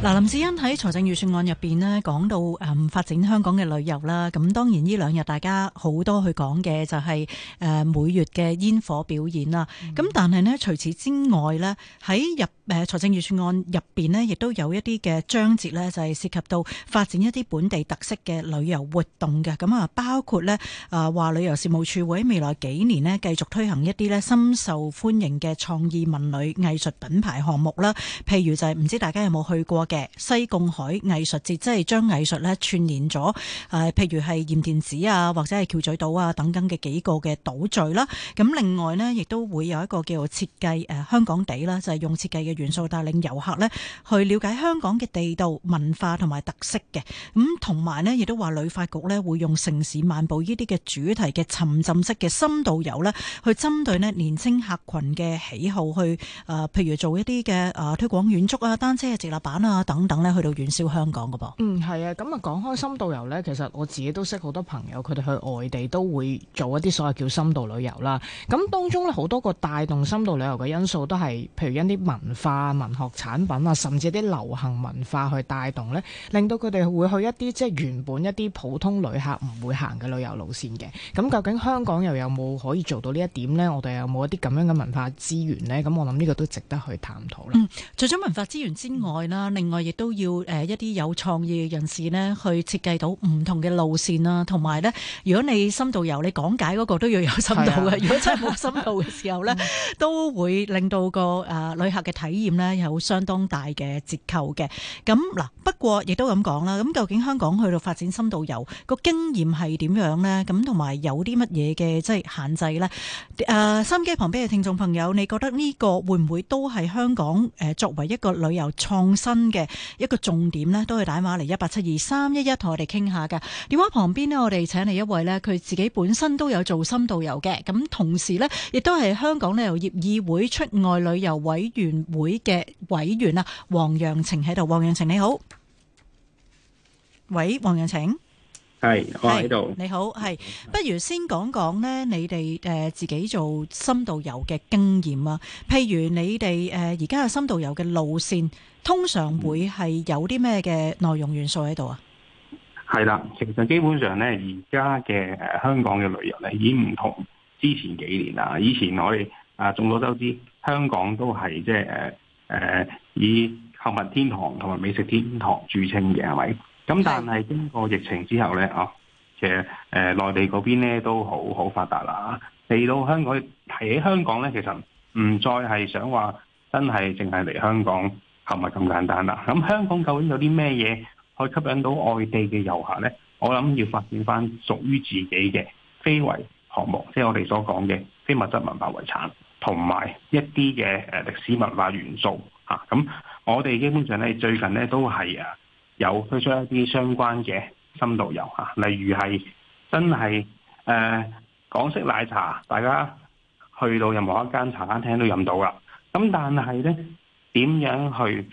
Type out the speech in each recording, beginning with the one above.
嗱，林志恩喺財政預算案入邊咧，講到誒、嗯、發展香港嘅旅遊啦。咁當然呢兩日大家好多去講嘅就係、是、誒、呃、每月嘅煙火表演啦。咁、嗯、但係咧，除此之外咧，喺入誒財、啊、政預算案入邊咧，亦都有一啲嘅章節咧，就係、是、涉及到發展一啲本地特色嘅旅遊活動嘅。咁啊，包括咧啊，話、呃、旅遊事務署會喺未來幾年咧，繼續推行一啲咧，深受歡迎嘅創意文旅藝術品牌項目啦。譬如就係、是、唔知大家有冇去過？嘅西貢海藝術節，即係將藝術咧串聯咗，誒、呃，譬如係鹽田仔啊，或者係橋咀島啊，等等嘅幾個嘅島嶼啦。咁另外咧，亦都會有一個叫做設計誒香港地啦，就係、是、用設計嘅元素，帶領遊客咧去了解香港嘅地道文化同埋特色嘅。咁同埋咧，亦都話旅發局咧會用城市漫步呢啲嘅主題嘅沉浸式嘅深度遊咧，去針對咧年輕客群嘅喜好去，誒、呃，譬如做一啲嘅誒推廣遠足啊、單車、啊、嘅直立板啊。等等咧，去到遠銷香港嘅噃。嗯，係啊，咁啊講開深度遊呢，其實我自己都識好多朋友，佢哋去外地都會做一啲所謂叫深度旅遊啦。咁當中咧，好多個帶動深度旅遊嘅因素都係，都係譬如一啲文化、文學產品啊，甚至啲流行文化去帶動呢，令到佢哋會去一啲即原本一啲普通旅客唔會行嘅旅遊路線嘅。咁究竟香港又有冇可以做到呢一點呢？我哋有冇一啲咁樣嘅文化資源呢？咁我諗呢個都值得去探討啦。嗯，除咗文化資源之外啦，嗯、另另外亦都要誒一啲有創意嘅人士咧，去設計到唔同嘅路線啦，同埋咧，如果你深度遊，你講解嗰個都要有深度嘅。如果真係冇深度嘅時候咧，都會令到個誒旅客嘅體驗咧有相當大嘅折扣嘅。咁嗱，不過亦都咁講啦。咁究竟香港去到發展深度遊個經驗係點樣咧？咁同埋有啲乜嘢嘅即係限制咧？誒，收音機旁邊嘅聽眾朋友，你覺得呢個會唔會都係香港誒作為一個旅遊創新嘅？一個重點咧，都係打電話嚟，一八七二三一一同我哋傾下噶電話旁邊呢，我哋請嚟一位呢，佢自己本身都有做深度遊嘅，咁同時呢，亦都係香港旅遊業議會出外旅遊委員會嘅委員啊。黃楊程喺度，黃楊程你好，喂，黃楊程。係，我喺度。你好，係，不如先講講咧，你哋誒自己做深度遊嘅經驗啊？譬如你哋誒而家嘅深度遊嘅路線，通常會係有啲咩嘅內容元素喺度啊？係啦，其實基本上咧，而家嘅誒香港嘅旅遊咧，已經唔同之前幾年啦。以前我哋啊，眾所周知，香港都係即係誒誒，以購物天堂同埋美食天堂著稱嘅，係咪？咁但係經過疫情之後咧，啊，其實內地嗰邊咧都好好發達啦。嚟到香港，提起香港咧，其實唔再係想話真係淨係嚟香港係咪咁簡單啦。咁香港究竟有啲咩嘢可以吸引到外地嘅遊客咧？我諗要發展翻屬於自己嘅非遺項目，即係我哋所講嘅非物質文化遺產，同埋一啲嘅誒歷史文化元素。咁我哋基本上咧最近咧都係啊～有推出一啲相關嘅深度遊嚇，例如係真係誒、呃、港式奶茶，大家去到任何一間茶餐廳都飲到啦。咁但係呢點樣去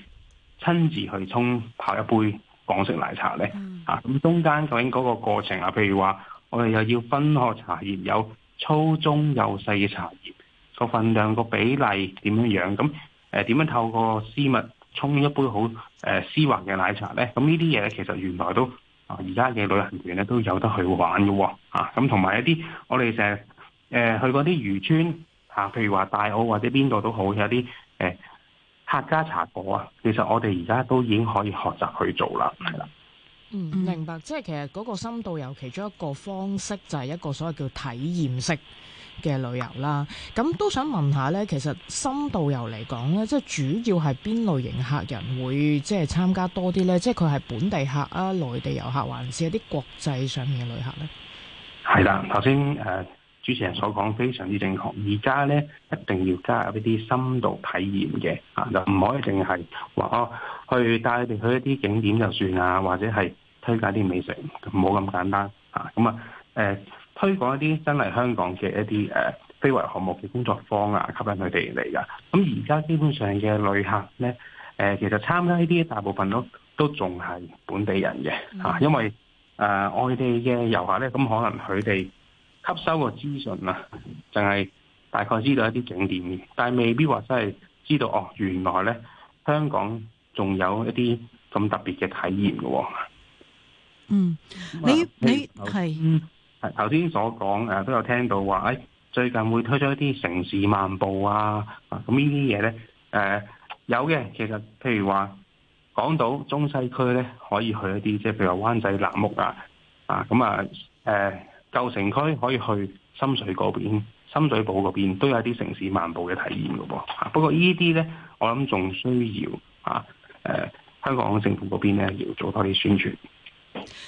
親自去沖泡一杯港式奶茶呢？嚇咁、mm. 啊、中間究竟嗰個過程啊？譬如話，我哋又要分學茶葉，有粗、中、有細嘅茶葉，個份量、個比例點樣樣咁？誒點樣透過絲襪。沖一杯好誒絲滑嘅奶茶咧，咁呢啲嘢咧其實原來都啊，而家嘅旅行團咧都有得去玩嘅喎，咁同埋一啲我哋成日去嗰啲漁村啊，譬如話大澳或者邊度都好，有啲客家茶果啊，其實我哋而家都已經可以學習去做啦，係啦。嗯，明白，即係其實嗰個深度遊其中一個方式就係一個所謂叫體驗式。嘅旅遊啦，咁都想問下咧，其實深度遊嚟講咧，即係主要係邊類型客人會即係參加多啲咧？即係佢係本地客啊，內地遊客，還是有啲國際上面嘅旅客咧？係啦，頭先誒主持人所講非常之正確。而家咧一定要加入一啲深度體驗嘅啊，就唔可以淨係話哦，去帶你哋去一啲景點就算啊，或者係推介啲美食，唔好咁簡單啊。咁啊誒。推廣一啲真係香港嘅一啲誒非遺項目嘅工作坊啊，吸引佢哋嚟噶。咁而家基本上嘅旅客咧，誒其實參加呢啲大部分都都仲係本地人嘅、mm hmm. 因為誒、呃、外地嘅遊客咧，咁可能佢哋吸收嘅資訊啊，就係、是、大概知道一啲景點，但未必話真係知道哦。原來咧，香港仲有一啲咁特別嘅體驗嘅喎。嗯，你你我頭先所講誒都有聽到話，誒最近會推出一啲城市漫步啊，咁呢啲嘢咧誒有嘅。其實譬如話，港島中西區咧可以去一啲，即係譬如話灣仔藍屋啊，啊咁啊誒舊城區可以去深水嗰邊、深水埗嗰邊，都有一啲城市漫步嘅體驗嘅、啊、噃。不過呢啲咧，我諗仲需要啊誒、啊、香港政府嗰邊咧要做多啲宣傳。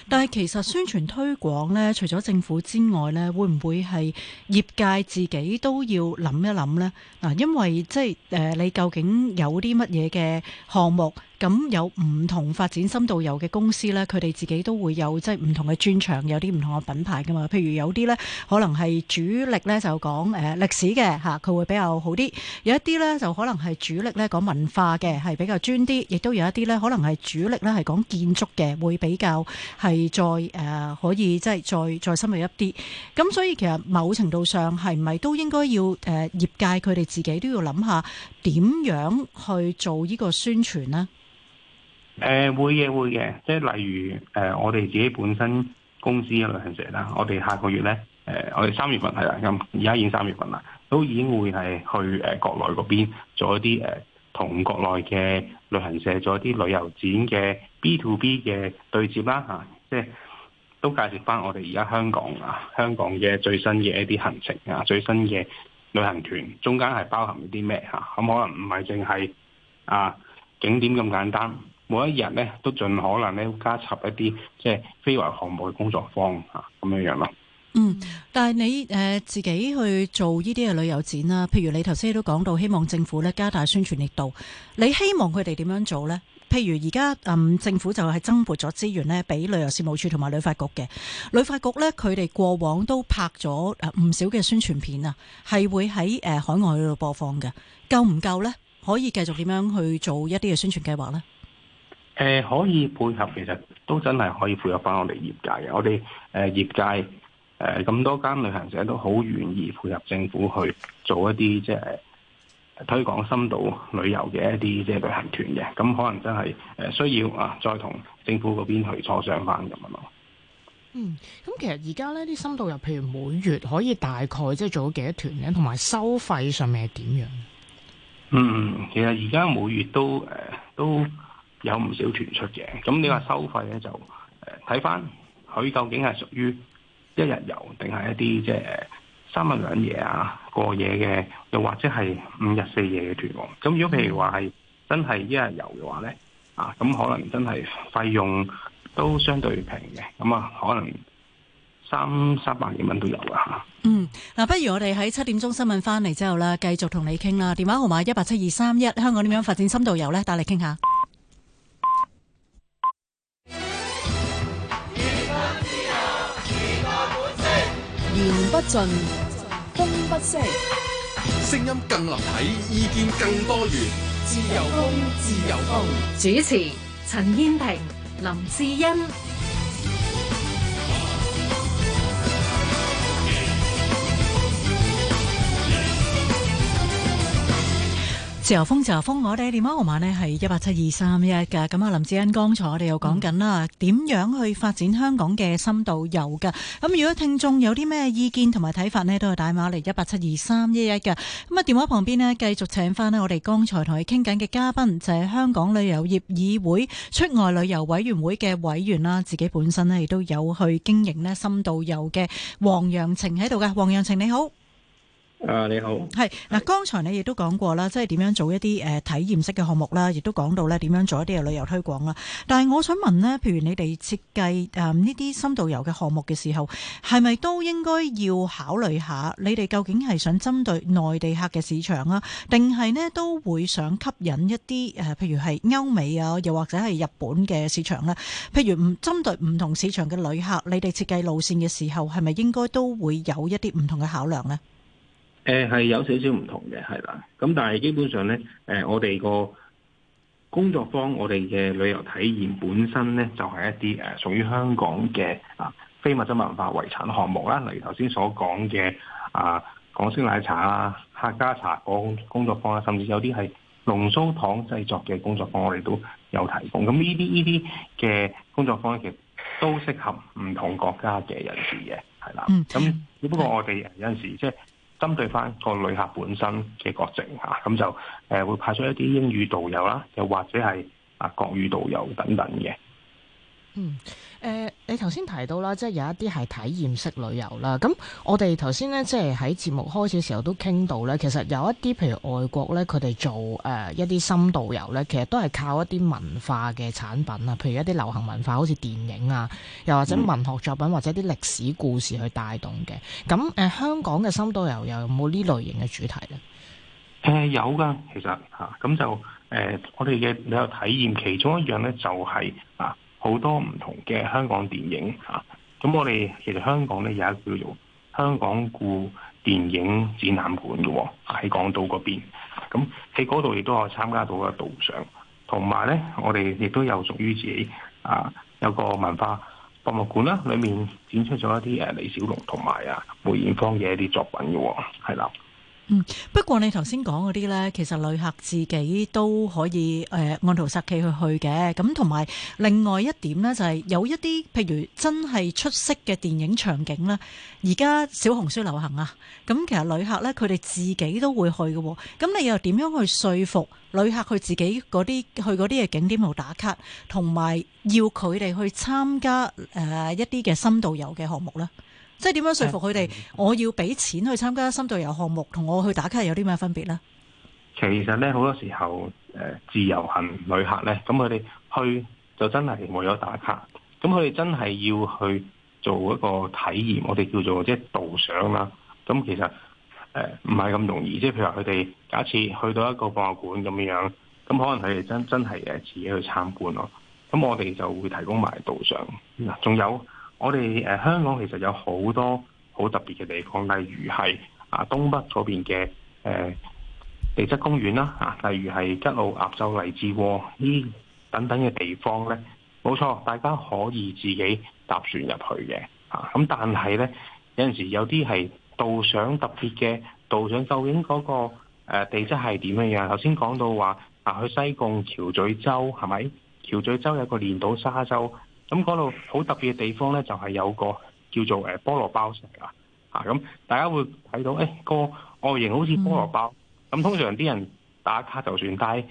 但係其實宣傳推廣呢，除咗政府之外呢，會唔會係業界自己都要諗一諗呢？嗱，因為即係誒、呃，你究竟有啲乜嘢嘅項目？咁有唔同發展深度遊嘅公司呢，佢哋自己都會有即係唔同嘅專長，有啲唔同嘅品牌噶嘛。譬如有啲呢，可能係主力呢，就講誒、呃、歷史嘅吓，佢會比較好啲；有一啲呢，就可能係主力呢講文化嘅，係比較專啲，亦都有一啲呢，可能係主力呢係講建築嘅，會比較係再、呃、可以即係再再深入一啲。咁所以其實某程度上係唔係都應該要誒、呃、業界佢哋自己都要諗下點樣去做呢個宣傳呢？誒，會嘅會嘅，即係例如誒，我哋自己本身公司嘅旅行社啦。我哋下個月咧，誒，我哋三月份係啦，咁而家已經三月份啦，都已經會係去誒國內嗰邊做一啲誒同國內嘅旅行社做一啲旅遊展嘅 B to B 嘅對接啦吓，即係都介紹翻我哋而家香港啊，香港嘅最新嘅一啲行程啊，最新嘅旅行團中間係包含啲咩吓？咁可能唔係淨係啊景點咁簡單。每一日呢都盡可能呢加插一啲即係非遺項目嘅工作坊吓，咁樣樣咯。嗯，但係你誒、呃、自己去做呢啲嘅旅遊展啦，譬如你頭先都講到，希望政府呢加大宣傳力度。你希望佢哋點樣做呢？譬如而家嗯政府就係增撥咗資源呢俾旅遊事務署同埋旅發局嘅，旅發局呢，佢哋過往都拍咗唔少嘅宣傳片啊，係會喺、呃、海外度播放嘅。夠唔夠呢？可以繼續點樣去做一啲嘅宣傳計劃呢？誒、呃，可以配合，其實都真係可以配合翻我哋業界嘅。我哋誒、呃、業界誒咁、呃、多間旅行社都好願意配合政府去做一啲即係推廣深度旅遊嘅一啲即係旅行團嘅。咁可能真係誒需要啊，再同政府嗰邊去磋商翻咁樣咯。嗯，咁其實而家呢啲深度遊，譬如每月可以大概即係做幾多團呢，同埋收費上面係點樣？嗯，其實而家每月都誒、呃、都，有唔少團出嘅，咁你話收費咧就誒睇翻佢究竟係屬於一日遊定係一啲即係三日兩夜啊過夜嘅，又或者係五日四夜嘅團。咁如果譬如話係真係一日遊嘅話咧啊，咁可能真係費用都相對平嘅，咁啊可能三三百幾蚊都有噶吓。嗯，嗱，不如我哋喺七點鐘新聞翻嚟之後啦，繼續同你傾啦。電話號碼一八七二三一，31, 香港點樣發展深度遊咧？打嚟傾下。言不盡，風不息，聲音更立體，意見更多元，自由風，自由風。主持：陳燕萍、林志欣。自由風，自由風，我哋嘅電話號碼呢係一八七二三一一嘅。咁啊，林志恩剛才我哋又講緊啦，點樣去發展香港嘅深度遊㗎。咁如果聽眾有啲咩意見同埋睇法呢，都係打碼嚟一八七二三一一嘅。咁啊，電話旁邊呢，繼續請翻呢我哋剛才同佢傾緊嘅嘉賓，就係、是、香港旅遊業議會出外旅遊委員會嘅委員啦。自己本身呢，亦都有去經營呢深度遊嘅黃楊程喺度㗎。黃楊程你好。誒，你好係嗱。剛才你亦都講過啦，即係點樣做一啲誒體驗式嘅項目啦，亦都講到咧點樣做一啲嘅旅遊推廣啦。但係我想問呢，譬如你哋設計誒呢啲深度遊嘅項目嘅時候，係咪都應該要考慮下你哋究竟係想針對內地客嘅市場啊，定係呢都會想吸引一啲誒，譬如係歐美啊，又或者係日本嘅市場呢？譬如唔針對唔同市場嘅旅客，你哋設計路線嘅時候，係咪應該都會有一啲唔同嘅考量呢？誒，係有少少唔同嘅，係啦。咁但係基本上咧，誒，我哋個工作坊，我哋嘅旅遊體驗本身咧，就係一啲誒，屬於香港嘅啊非物質文化遺產項目啦。例如頭先所講嘅啊，港式奶茶啦、客家茶粿工作坊啦，甚至有啲係龍鬚糖製作嘅工作坊，我哋都有提供。咁呢啲呢啲嘅工作坊咧，其實都適合唔同國家嘅人士嘅，係啦。咁只不過我哋有陣時即係。針對返個旅客本身嘅國籍吓，咁就呃，會派出一啲英語導遊啦，又或者係啊國語導遊等等嘅。嗯，呃你頭先提到啦，即係有一啲係體驗式旅遊啦。咁我哋頭先咧，即係喺節目開始嘅時候都傾到咧。其實有一啲譬如外國咧，佢哋做誒一啲深度遊咧，其實都係靠一啲文化嘅產品啊，譬如一啲流行文化，好似電影啊，又或者文學作品、嗯、或者啲歷史故事去帶動嘅。咁誒、呃，香港嘅深度遊又有冇呢類型嘅主題咧？誒、呃、有噶，其實嚇咁、啊、就誒、呃，我哋嘅旅遊體驗其中一樣咧、就是，就係啊。好多唔同嘅香港電影，吓，咁我哋其實香港咧，有一個叫做香港故電影展覽館嘅喎、哦，喺港島嗰邊。咁喺嗰度亦都有參加到個導賞，同埋咧我哋亦都有屬於自己啊有個文化博物館啦，裏面展出咗一啲誒李小龍同埋啊梅艷芳嘅一啲作品嘅喎、哦，係啦。嗯，不過你頭先講嗰啲呢，其實旅客自己都可以誒、呃、按圖殺企去去嘅，咁同埋另外一點呢，就係、是、有一啲譬如真係出色嘅電影場景啦，而家小紅書流行啊，咁其實旅客呢，佢哋自己都會去嘅，咁你又點樣去說服旅客去自己嗰啲去嗰啲嘅景點度打卡，同埋要佢哋去參加誒、呃、一啲嘅深度遊嘅項目呢？即係點樣說服佢哋？我要俾錢去參加深度遊項目，同我去打卡有啲咩分別呢？其實呢，好多時候，呃，自由行旅客呢，咁佢哋去就真係為咗打卡。咁佢哋真係要去做一個體驗，我哋叫做即係導賞啦。咁其實誒唔係咁容易。即係譬如話佢哋假設去到一個博物館咁樣樣，咁可能佢哋真真係誒自己去參觀咯。咁我哋就會提供埋導賞嗱，仲有。我哋誒香港其實有好多好特別嘅地方，例如係啊東北嗰邊嘅誒地質公園啦，啊例如係吉澳、鴨洲、荔枝窩呢等等嘅地方咧，冇錯，大家可以自己搭船入去嘅，啊咁但係咧有陣時候有啲係導賞，特別嘅導賞，究竟嗰個地質係點樣樣？頭先講到話啊去西貢橋咀洲係咪？橋咀洲有個連島沙洲。咁嗰度好特別嘅地方呢，就係、是、有個叫做菠蘿包石啊！嚇咁，大家會睇到誒、欸個外形好似菠蘿包。咁、嗯、通常啲人打卡就算，但係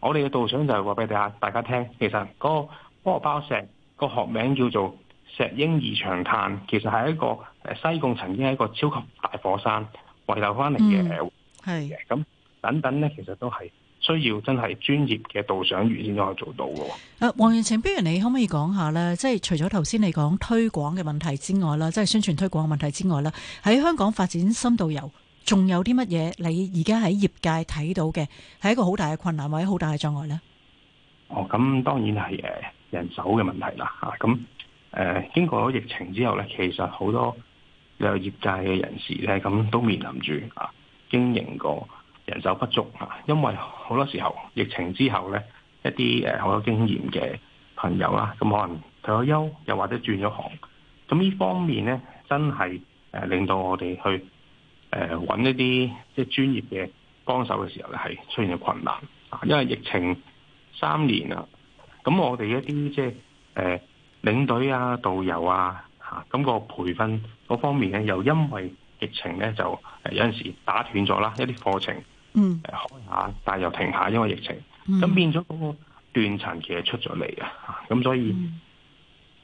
我哋嘅導賞就係話俾大大家聽，其實嗰個菠蘿包石個學名叫做石英二長碳，其實係一個西貢曾經係一個超級大火山遺留翻嚟嘅，係咁、嗯、等等呢，其實都係。需要真係專業嘅導賞員先可以做到嘅喎。誒，黃楊程，不如你可唔可以講下呢？即係除咗頭先你講推廣嘅問題之外啦，即係宣傳推廣嘅問題之外啦，喺香港發展深度遊，仲有啲乜嘢？你而家喺業界睇到嘅，係一個好大嘅困難或者好大嘅障礙呢？哦，咁當然係誒人手嘅問題啦嚇。咁誒、呃、經過咗疫情之後呢，其實好多有業界嘅人士呢，咁都面臨住啊經營過。人手不足啊，因為好多時候疫情之後呢，一啲誒好有經驗嘅朋友啦，咁可能退咗休，又或者轉咗行，咁呢方面呢，真係誒令到我哋去誒揾、呃、一啲即係專業嘅幫手嘅時候呢，係出現咗困難啊，因為疫情三年啊，咁我哋一啲即係誒、呃、領隊啊、導遊啊，嚇咁個培訓嗰方面呢，又因為疫情呢，就有陣時打斷咗啦一啲課程。嗯，開下，但又停下，因為疫情，咁變咗嗰個斷層其實出咗嚟嘅，咁所以呢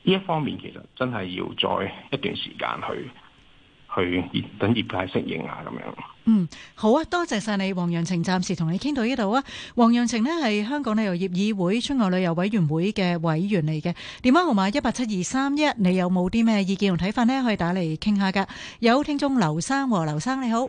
一方面其實真係要再一段時間去去等業界適應下。咁樣。嗯，好啊，多謝晒你，黃楊程，暫時同你傾到呢度啊。黃楊程呢係香港旅遊業議會、出外旅遊委員會嘅委員嚟嘅，電話號碼一八七二三一，1，你有冇啲咩意見同睇法呢？可以打嚟傾下噶。有聽眾劉生和劉生你好。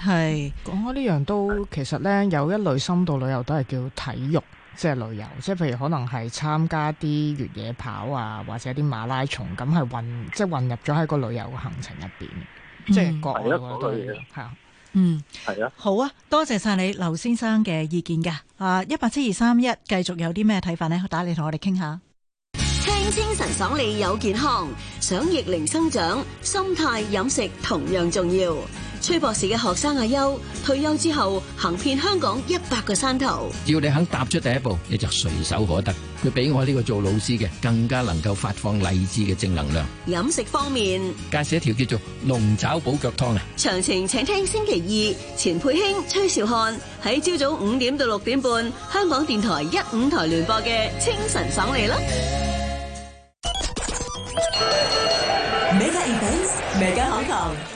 係講呢樣都其實呢有一類深度旅遊都係叫體育即係旅遊，即係譬如可能係參加啲越野跑啊，或者啲馬拉松樣是，咁係混即係混入咗喺個旅遊行程入邊，即係講嘅都係係啊，嗯，係啊，嗯、好啊，多謝晒你劉先生嘅意見㗎，啊，一八七二三一，繼續有啲咩睇法呢？打你同我哋傾下，精神爽利有健康，想逆齡生長，心態飲食同樣重要。崔博士嘅學生阿優退休之後，行遍香港一百個山頭。只要你肯踏出第一步，你就隨手可得。佢比我呢個做老師嘅更加能夠發放勵志嘅正能量。飲食方面，介紹一條叫做龍爪補腳湯啊！詳情請聽星期二錢佩興、崔兆漢喺朝早五點到六點半香港電台一五台聯播嘅清晨爽利啦。Mega Events, Mega Hong Kong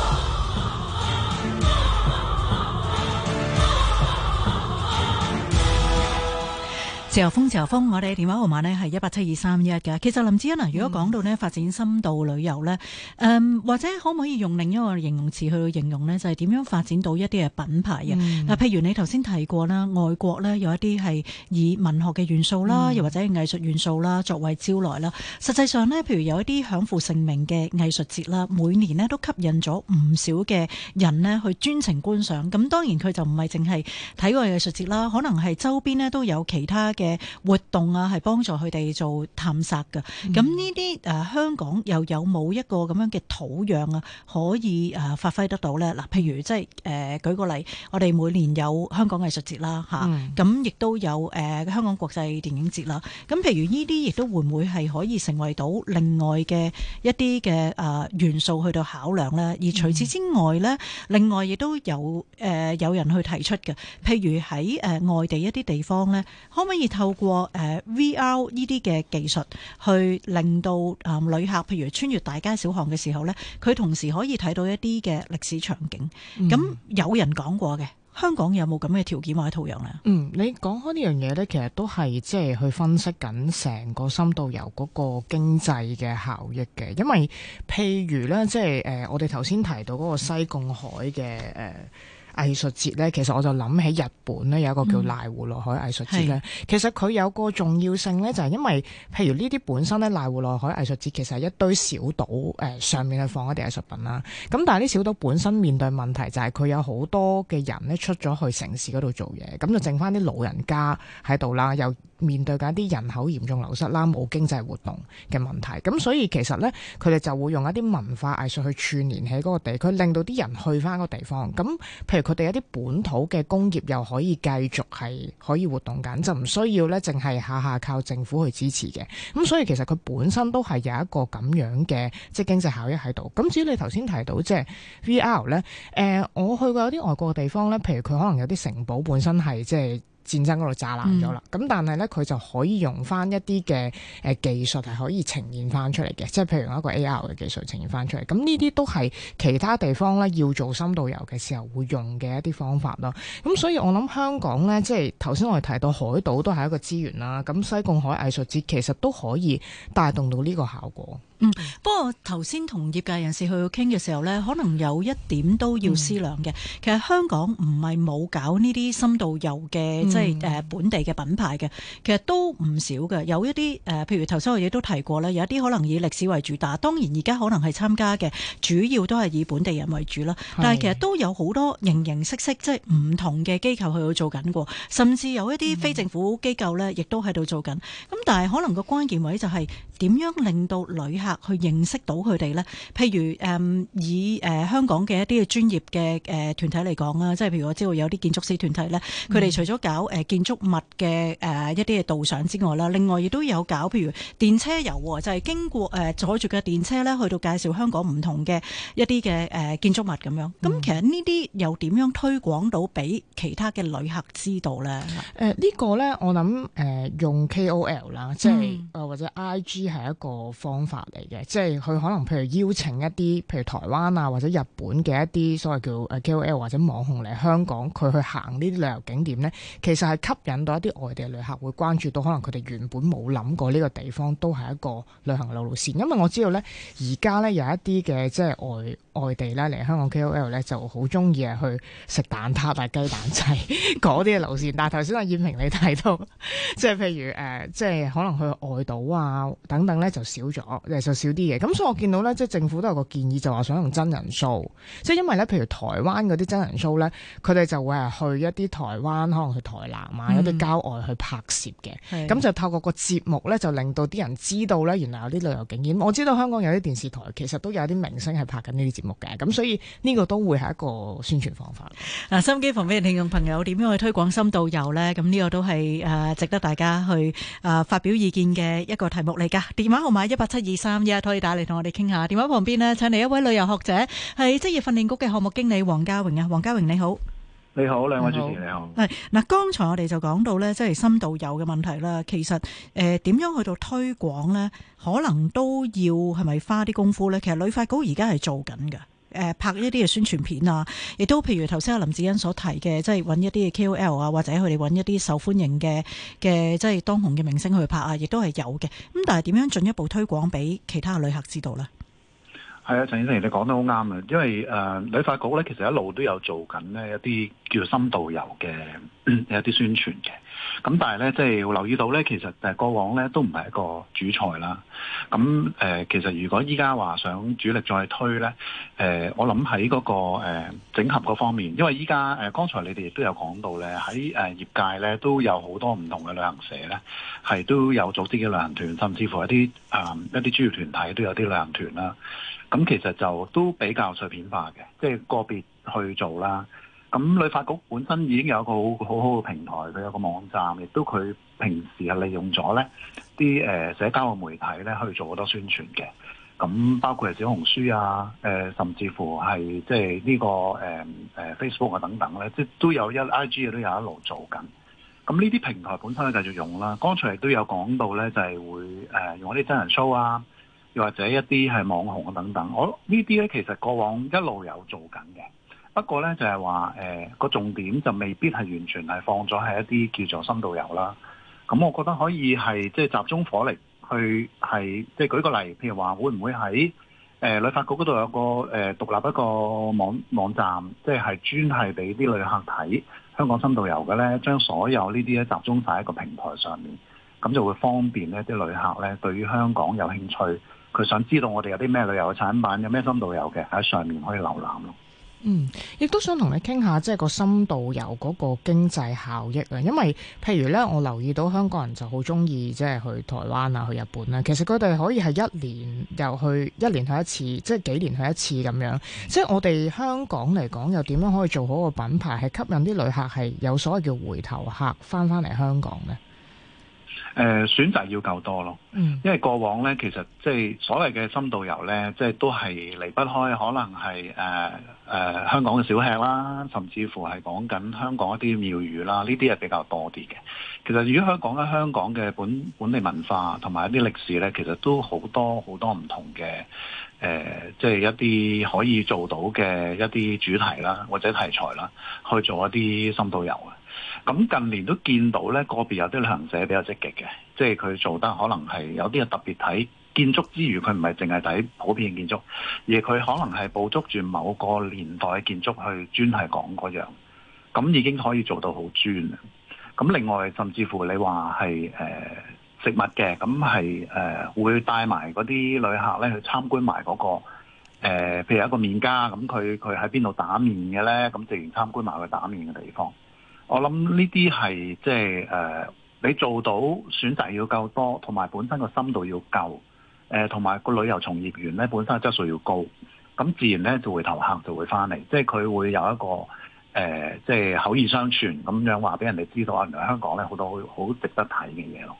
自由風，自由風，我哋嘅電話號碼咧，係一八七二三一嘅。其實林志欣啊，如果講到呢發展深度旅遊呢，誒、嗯嗯、或者可唔可以用另一個形容詞去形容呢？就係點樣發展到一啲嘅品牌嘅？嗱、嗯，譬如你頭先提過啦，外國呢有一啲係以文學嘅元素啦，嗯、又或者藝術元素啦作為招徠啦。實際上呢，譬如有一啲享負盛名嘅藝術節啦，每年呢都吸引咗唔少嘅人呢去專程觀賞。咁當然佢就唔係淨係睇個藝術節啦，可能係周邊呢都有其他。嘅活動啊，係幫助佢哋做探索嘅。咁呢啲誒香港又有冇一個咁樣嘅土壤啊，可以誒發揮得到咧？嗱，譬如即係誒舉個例，我哋每年有香港藝術節啦，吓、啊，咁亦、嗯、都有誒、呃、香港國際電影節啦。咁譬如呢啲，亦都會唔會係可以成為到另外嘅一啲嘅誒元素去到考量？咧？而除此之外咧，另外亦都有誒、呃、有人去提出嘅，譬如喺誒外地一啲地方咧，可唔可以？透過誒 VR 呢啲嘅技術，去令到誒旅客譬如穿越大街小巷嘅時候，呢佢同時可以睇到一啲嘅歷史場景。咁、嗯、有人講過嘅，香港有冇咁嘅條件或者土壤呢？嗯，你講開呢樣嘢呢，其實都係即係去分析緊成個深度遊嗰個經濟嘅效益嘅，因為譬如呢，即係誒我哋頭先提到嗰個西貢海嘅誒。藝術節咧，其實我就諗起日本咧有一個叫瀨戶內海藝術節咧。嗯、其實佢有個重要性咧，就係、是、因為譬如呢啲本身咧，瀨戶內海藝術節其實係一堆小島誒上面去放一啲藝術品啦。咁、嗯、但係啲小島本身面對問題就係、是、佢有好多嘅人咧出咗去城市嗰度做嘢，咁就剩翻啲老人家喺度啦，又。面對緊一啲人口嚴重流失啦、冇經濟活動嘅問題，咁所以其實呢，佢哋就會用一啲文化藝術去串聯起嗰個地區，令到啲人去翻個地方。咁，譬如佢哋一啲本土嘅工業又可以繼續係可以活動緊，就唔需要呢，淨係下下靠政府去支持嘅。咁所以其實佢本身都係有一個咁樣嘅即係經濟效益喺度。咁至於你頭先提到即係、就是、VR 呢、呃，我去過有啲外國嘅地方呢，譬如佢可能有啲城堡本身係即係。就是戰爭嗰度炸爛咗啦，咁但係咧佢就可以用翻一啲嘅技術係可以呈現翻出嚟嘅，即係譬如一個 AR 嘅技術呈現翻出嚟，咁呢啲都係其他地方咧要做深度遊嘅時候會用嘅一啲方法咯。咁所以我諗香港咧，即係頭先我哋提到海島都係一個資源啦，咁西貢海藝術節其實都可以帶動到呢個效果。嗯，不過頭先同業界人士去傾嘅時候呢，可能有一點都要思量嘅。嗯、其實香港唔係冇搞呢啲深度遊嘅，嗯、即係、啊、本地嘅品牌嘅，其實都唔少嘅。有一啲譬如頭先我哋都提過啦，有一啲可能以歷史為主打，但當當然而家可能係參加嘅主要都係以本地人為主啦。是但係其實都有好多形形色色，即係唔同嘅機構去到做緊過，甚至有一啲非政府機構呢，亦都喺度做緊。咁但係可能個關鍵位就係點樣令到旅客，去認識到佢哋咧，譬如誒、嗯、以誒、呃、香港嘅一啲專業嘅誒、呃、團體嚟講啦，即係譬如我知道有啲建築師團體咧，佢哋、嗯、除咗搞誒建築物嘅誒、呃、一啲嘅導賞之外啦，另外亦都有搞譬如電車遊，就係、是、經過誒、呃、坐住嘅電車咧，去到介紹香港唔同嘅一啲嘅誒建築物咁樣。咁、嗯、其實呢啲又點樣推廣到俾其他嘅旅客知道咧？誒、呃、這個、呢個咧，我諗誒、呃、用 KOL 啦，即係、嗯、或者 IG 係一個方法嚟。即係佢可能，譬如邀請一啲，譬如台灣啊或者日本嘅一啲所謂叫 KOL 或者網紅嚟香港，佢去行呢啲旅遊景點呢，其實係吸引到一啲外地旅客會關注到，可能佢哋原本冇諗過呢個地方都係一個旅行路、路線。因為我知道呢，而家呢有一啲嘅即係外外地咧嚟香港 KOL 呢，就好鍾意去食蛋撻啊、雞蛋仔嗰啲嘅路線。但係頭先阿燕平你提到，即係譬如誒、呃，即係可能去外島啊等等呢，就少咗，少啲嘢，咁所以我見到呢，即係政府都有個建議，就話想用真人 show，即係因為呢，譬如台灣嗰啲真人 show 呢，佢哋就會去一啲台灣，可能去台南啊，嗯、一啲郊外去拍攝嘅，咁的就透過個節目呢，就令到啲人知道呢，原來有啲旅遊景點。我知道香港有啲電視台其實都有啲明星係拍緊呢啲節目嘅，咁所以呢個都會係一個宣傳方法。嗱、啊，心機防騙嘅應用朋友點樣去推廣深度遊呢？咁呢個都係、呃、值得大家去誒、呃、發表意見嘅一個題目嚟㗎。電話號碼一八七二三。可以打嚟同我哋傾下，電話旁邊呢請嚟一位旅遊學者，係職業訓練局嘅項目經理黃家榮啊，黃家榮你好，你好，兩位主持你好。係嗱，剛才我哋就講到呢，即係深度遊嘅問題啦。其實誒，點樣去到推廣呢？可能都要係咪花啲功夫呢？其實旅發局而家係做緊噶。誒拍一啲嘅宣傳片啊，亦都譬如頭先阿林子欣所提嘅，即係揾一啲嘅 KOL 啊，或者佢哋揾一啲受歡迎嘅嘅，即係當紅嘅明星去拍啊，亦都係有嘅。咁但係點樣進一步推廣俾其他嘅旅客知道咧？係啊，陳先生，你講得好啱啊！因為誒旅發局咧，其實一路都有做緊呢一啲叫做深度遊嘅一啲宣傳嘅。咁但係咧，即係留意到咧，其實誒過往咧都唔係一個主菜啦。咁、呃、其實如果依家話想主力再推咧、呃，我諗喺嗰個、呃、整合嗰方面，因為依家、呃、剛才你哋亦、呃、都有講到咧，喺業界咧都有好多唔同嘅旅行社咧，係都有組織嘅旅行團，甚至乎一啲、呃、一啲專業團體都有啲旅行團啦。咁其實就都比較碎片化嘅，即、就、係、是、個別去做啦。咁旅發局本身已經有一個好好好嘅平台，佢有個網站，亦都佢平時係利用咗咧啲誒社交嘅媒體咧去做好多宣傳嘅。咁包括係小紅書啊，呃、甚至乎係即係呢個、呃呃、Facebook 啊等等咧，即、就、係、是、都有一 IG 亦都有一路做緊。咁呢啲平台本身係繼續用啦。剛才亦都有講到咧，就係、是、會、呃、用一啲真人 show 啊，又或者一啲係網紅啊等等，我呢啲咧其實過往一路有做緊嘅，不過咧就係話誒個重點就未必係完全係放咗喺一啲叫做深度遊啦。咁、嗯、我覺得可以係即係集中火力去係即係舉個例，譬如話會唔會喺誒旅發局嗰度有個誒、呃、獨立一個網網站，即係係專係俾啲旅客睇香港深度遊嘅咧，將所有呢啲咧集中晒喺個平台上面，咁就會方便咧啲旅客咧對於香港有興趣。佢想知道我哋有啲咩旅遊嘅產品，有咩深度遊嘅喺上面可以瀏覽咯。嗯，亦都想同你傾下，即係個深度遊嗰個經濟效益啊。因為譬如咧，我留意到香港人就好中意即係去台灣啊，去日本啊。其實佢哋可以係一年又去，一年去一次，即係幾年去一次咁樣，即係我哋香港嚟講又點樣可以做好個品牌，係吸引啲旅客係有所謂叫回頭客，翻翻嚟香港呢？誒、呃，選擇要夠多咯，嗯，因為過往呢，其實即係所謂嘅深度遊呢，即係都係離不開可能係誒誒香港嘅小吃啦，甚至乎係講緊香港一啲廟宇啦，呢啲係比較多啲嘅。其實如果講緊香港嘅本本地文化同埋一啲歷史呢，其實都好多好多唔同嘅誒，即係一啲可以做到嘅一啲主題啦，或者題材啦，去做一啲深度遊嘅。咁近年都見到咧，個別有啲旅行社比較積極嘅，即係佢做得可能係有啲係特別睇建築之餘，佢唔係淨係睇普遍建築，而佢可能係捕捉住某個年代嘅建築去專係講嗰樣，咁已經可以做到好專。咁另外甚至乎你話係誒食物嘅，咁係誒會帶埋嗰啲旅客咧去參觀埋、那、嗰個、呃、譬如一個麵家，咁佢佢喺邊度打面嘅咧，咁自然參觀埋佢打面嘅地方。我諗呢啲係即係誒，你做到選擇要夠多，同埋本身個深度要夠，誒同埋個旅遊從業員咧本身質素要高，咁自然咧就，就會頭客就會翻嚟，即係佢會有一個誒即係口耳相傳咁樣話俾人哋知道啊！原來香港咧好多好值得睇嘅嘢咯。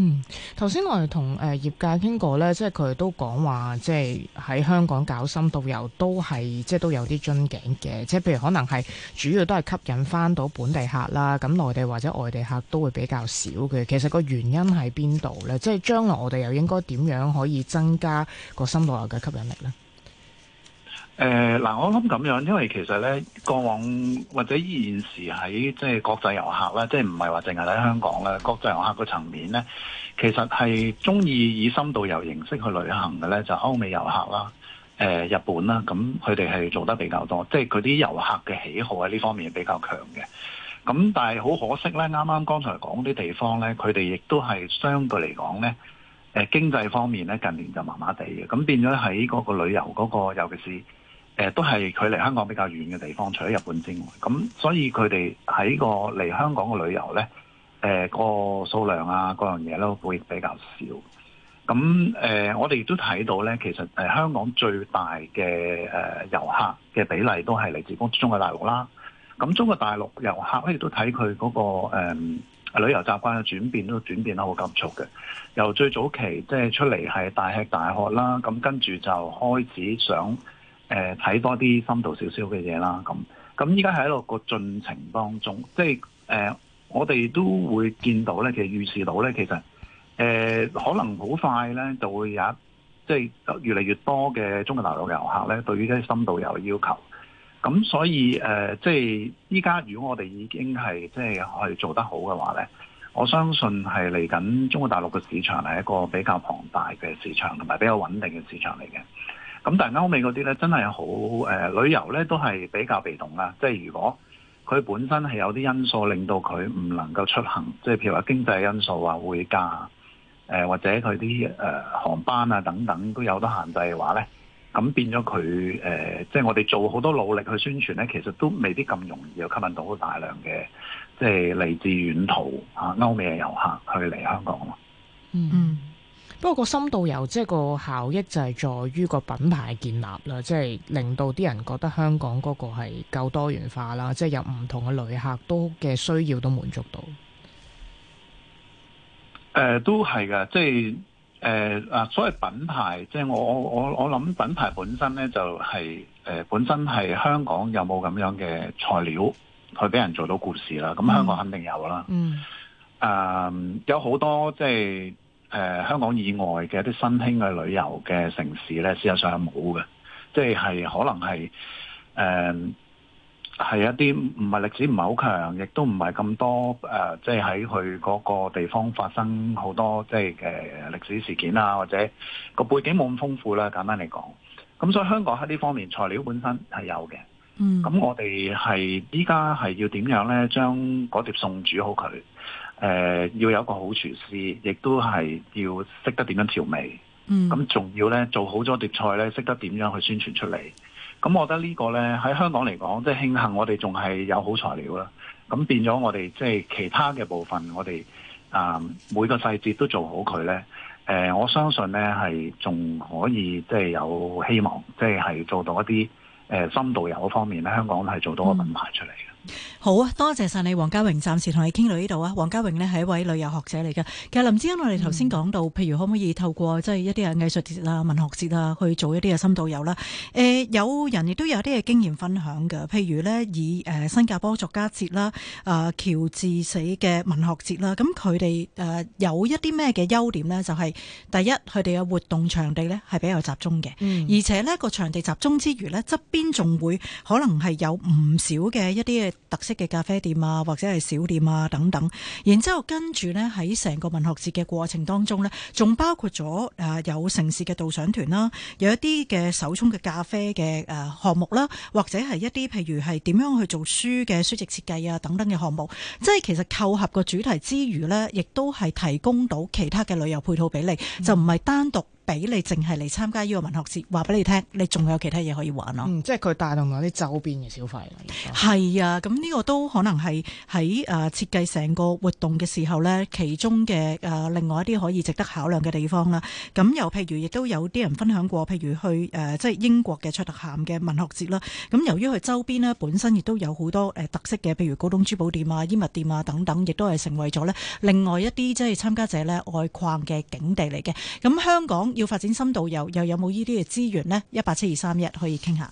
嗯，頭先我哋同誒業界傾過咧，即係佢哋都講話，即係喺香港搞深度遊都係即係都有啲樽頸嘅，即係譬如可能係主要都係吸引翻到本地客啦，咁內地或者外地客都會比較少嘅。其實個原因喺邊度咧？即係將來我哋又應該點樣可以增加個深度遊嘅吸引力咧？誒嗱、呃，我諗咁樣，因為其實咧，過往或者現時喺即係國際遊客啦，即係唔係話淨係喺香港啦。國際遊客個層面咧，其實係中意以深度遊形式去旅行嘅咧，就歐、是、美遊客啦，誒、呃、日本啦，咁佢哋係做得比較多，即係佢啲遊客嘅喜好喺呢方面比較強嘅。咁但係好可惜咧，啱啱剛才講啲地方咧，佢哋亦都係相對嚟講咧，誒經濟方面咧近年就麻麻地嘅，咁變咗喺嗰個旅遊嗰、嗰個，尤其是。誒都係距離香港比較遠嘅地方，除咗日本之外，咁所以佢哋喺個嚟香港嘅旅遊呢、呃、個數量啊，嗰樣嘢都會比較少。咁、呃、我哋都睇到呢，其實、呃、香港最大嘅、呃、遊客嘅比例都係嚟自中國大陸啦。咁中國大陸遊客咧、那個，亦都睇佢嗰個旅遊習慣嘅轉變，都轉變得好急促嘅。由最早期即係出嚟係大吃大喝啦，咁跟住就開始想。誒睇、呃、多啲深度少少嘅嘢啦，咁咁依家喺度個進程當中，即係誒、呃、我哋都會見到咧，其實預示到咧，其實誒、呃、可能好快咧就會有一即係越嚟越多嘅中國大陸嘅遊客咧，對於啲深度遊嘅要求，咁所以誒、呃、即係依家如果我哋已經係即係去做得好嘅話咧，我相信係嚟緊中國大陸嘅市場係一個比較龐大嘅市場，同埋比較穩定嘅市場嚟嘅。咁但係歐美嗰啲咧，真係好誒，旅遊咧都係比較被動啦。即係如果佢本身係有啲因素令到佢唔能夠出行，即係譬如話經濟因素啊、匯價啊，呃、或者佢啲誒航班啊等等都有得限制嘅話咧，咁變咗佢誒，即係我哋做好多努力去宣傳咧，其實都未必咁容易，又吸引到好大量嘅即係嚟自遠途啊歐美嘅遊客去嚟香港咯。嗯。不過個深度遊，即係個效益就係在於個品牌建立啦，即係令到啲人覺得香港嗰個係夠多元化啦，即係有唔同嘅旅客都嘅需要都滿足到。誒、呃，都係嘅，即係誒啊！所謂品牌，即係我我我我諗品牌本身咧、就是，就係誒本身係香港有冇咁樣嘅材料去俾人做到故事啦？咁、嗯、香港肯定有啦。嗯。啊、呃，有好多即係。就是誒、呃，香港以外嘅一啲新興嘅旅遊嘅城市咧，事實上係冇嘅，即係可能係誒係一啲唔係歷史唔係好強，亦都唔係咁多誒，即係喺佢嗰個地方發生好多即係誒歷史事件啊，或者個背景冇咁豐富啦。簡單嚟講，咁所以香港喺呢方面材料本身係有嘅。嗯，咁我哋係依家係要點樣咧，將嗰碟餸煮好佢。誒、呃、要有一個好廚師，亦都係要識得點樣調味。嗯，咁仲要呢，做好咗碟菜呢，識得點樣去宣傳出嚟。咁我覺得呢個呢，喺香港嚟講，即、就、係、是、慶幸我哋仲係有好材料啦。咁變咗我哋即係其他嘅部分，我哋啊、呃、每個細節都做好佢呢。誒、呃，我相信呢，係仲可以即係、就是、有希望，即、就、係、是、做到一啲、呃、深度有嗰方面呢，香港係做到個品牌出嚟嘅。嗯好啊，多謝晒你，黃家榮。暫時同你傾到呢度啊。黃家榮呢係一位旅遊學者嚟㗎。其實林之欣，我哋頭先講到，嗯、譬如可唔可以透過即係一啲嘅藝術節啊、文學節啊去做一啲嘅深度遊啦？誒、呃，有人亦都有一啲嘅經驗分享噶。譬如呢，以誒新加坡作家節啦、誒、呃、喬治死嘅文學節啦，咁佢哋誒有一啲咩嘅優點呢？就係、是、第一，佢哋嘅活動場地呢係比較集中嘅，嗯，而且呢個場地集中之餘呢，側邊仲會可能係有唔少嘅一啲嘅。特色嘅咖啡店啊，或者係小店啊等等，然之後跟住咧喺成個文學節嘅過程當中咧，仲包括咗誒有城市嘅導賞團啦，有一啲嘅手沖嘅咖啡嘅誒項目啦，或者係一啲譬如係點樣去做書嘅書籍設計啊等等嘅項目，即係其實扣合個主題之餘咧，亦都係提供到其他嘅旅遊配套俾你，嗯、就唔係單獨。俾你淨係嚟參加呢個文學節，話俾你聽，你仲有其他嘢可以玩咯、嗯。即係佢帶動埋啲周邊嘅消費。係啊，咁呢個都可能係喺誒設計成個活動嘅時候咧，其中嘅誒、啊、另外一啲可以值得考量嘅地方啦。咁又譬如亦都有啲人分享過，譬如去誒即係英國嘅卓特咸嘅文學節啦。咁由於佢周邊呢本身亦都有好多誒特色嘅，譬如古董珠寶店啊、衣物店啊等等，亦都係成為咗咧另外一啲即係參加者咧外擴嘅景地嚟嘅。咁香港。要發展深度遊，又有冇呢啲嘅資源呢？一八七二三一可以傾下。